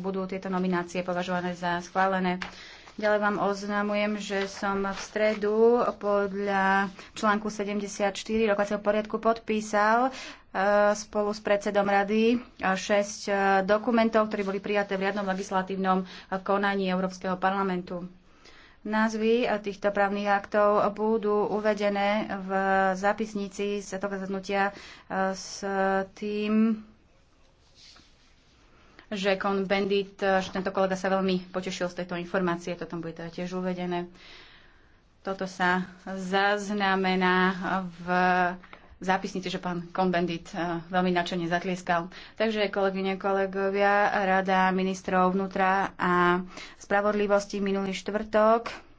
budú tieto nominácie považované za schválené. Ďalej vám oznamujem, že som v stredu podľa článku 74 rokovacieho poriadku podpísal e, spolu s predsedom rady 6 e, e, dokumentov, ktorí boli prijaté v riadnom legislatívnom konaní Európskeho parlamentu. Názvy týchto právnych aktov budú uvedené v zápisnici z toho zasadnutia s tým, že Con Bendit, eh, že tento kolega sa veľmi potešil z tejto informácie, to tam bude teda tiež uvedené. Toto sa zaznamená v zápisnici, že pán Konbendit eh, veľmi nadšene zatlieskal. Takže kolegyne, kolegovia, Rada ministrov vnútra a spravodlivosti minulý štvrtok